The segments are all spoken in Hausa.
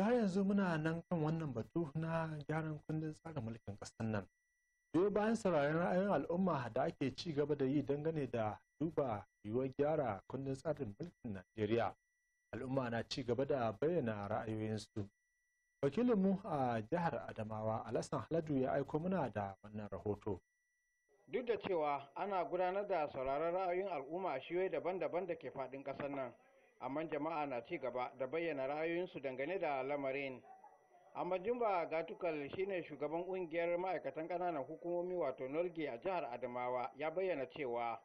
har yanzu muna nan kan wannan batu na gyaran kundin tsarin mulkin ƙasar nan biyo bayan sauraron ra'ayin al'umma da ake ci gaba da yi dangane da duba yiwuwar gyara kundin tsarin mulkin najeriya al'umma na ci gaba da bayyana ra'ayoyinsu wakilinmu a jihar adamawa alasan haladu ya aiko muna da wannan rahoto duk da cewa ana gudanar da sauraron ra'ayoyin al'umma a shiyoyi daban-daban da ke faɗin ƙasar nan amma jama'a na ci gaba da bayyana ra'ayoyinsu dangane da lamarin amma Jumba Gatukal shine shugaban kungiyar ma'aikatan ƙananan hukumomi wato Norge a jihar Adamawa ya bayyana cewa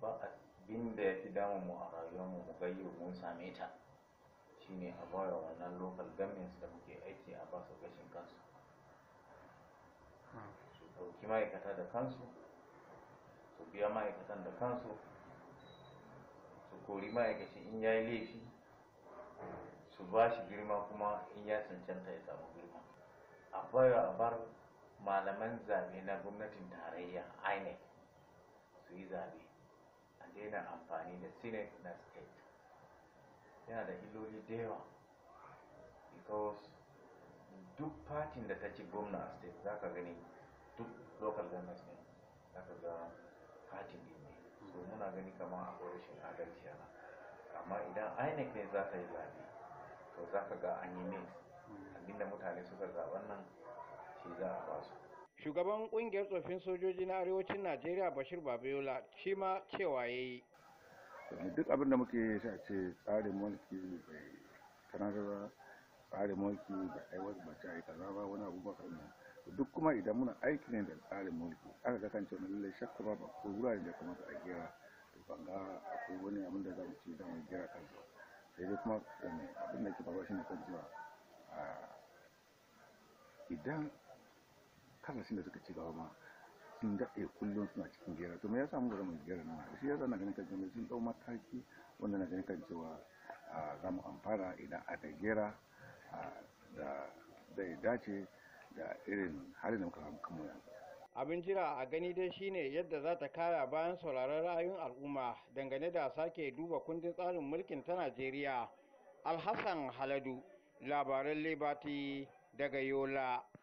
ba abin da ya fi damu mu a rayuwarmu mu gayyo mun same ta shine a baya wannan local governments da muke aiki a basu gashin kansu su ɗauki ma'aikata da kansu su biya ma'aikatan da kansu ma kori ma'aikacin in ya yi laifi su ba shi girma kuma in ya cancanta ya samu girma a baya a bar malaman zabe na gwamnatin tarayya inec su yi zabe a daina amfani da senate na state yana da iloli da yawa because duk fatin da ta ci gwamna a state za ka gani duk local government ne za ka ga fatin din ne so muna gani kamar akwai rashin adalci ana amma idan inec ne za ta yi zaɓe to za ka ga an yi ne abinda mutane suka zaɓen nan shi za a basu shugaban kungiyar tsofin sojoji na arewacin najeriya bashir babayola shi ma cewa ya yi duk abin da muke sa ce tsarin mulki bai kanar ba tsarin mulki ba aiwata ba ta yi ba wani abubakar ne duk kuma idan muna aiki ne da tsarin mulki aka ga kan cewa lallai shakka ba ko wuraren da kamata a gera, to ban ga akwai wani abin da za mu ci za mu gyara kansa sai dai kuma abin da ke faruwa shine kan cewa idan kasashen da suka ci gaba ma sun daɗe kullum suna cikin gera to me ya samu ba mun gera nan shi ya zana ganin kan cewa sun ɗau mataki wanda na ganin kan cewa za mu amfana idan aka gera da zai dace da irin halin da muka samu kanmu yanzu abin jira a gani dai shine yadda za ta kaya bayan sauraron ra'ayin al'umma dangane da sake duba kundin tsarin mulkin ta najeriya alhassan haladu labaran lebati daga yola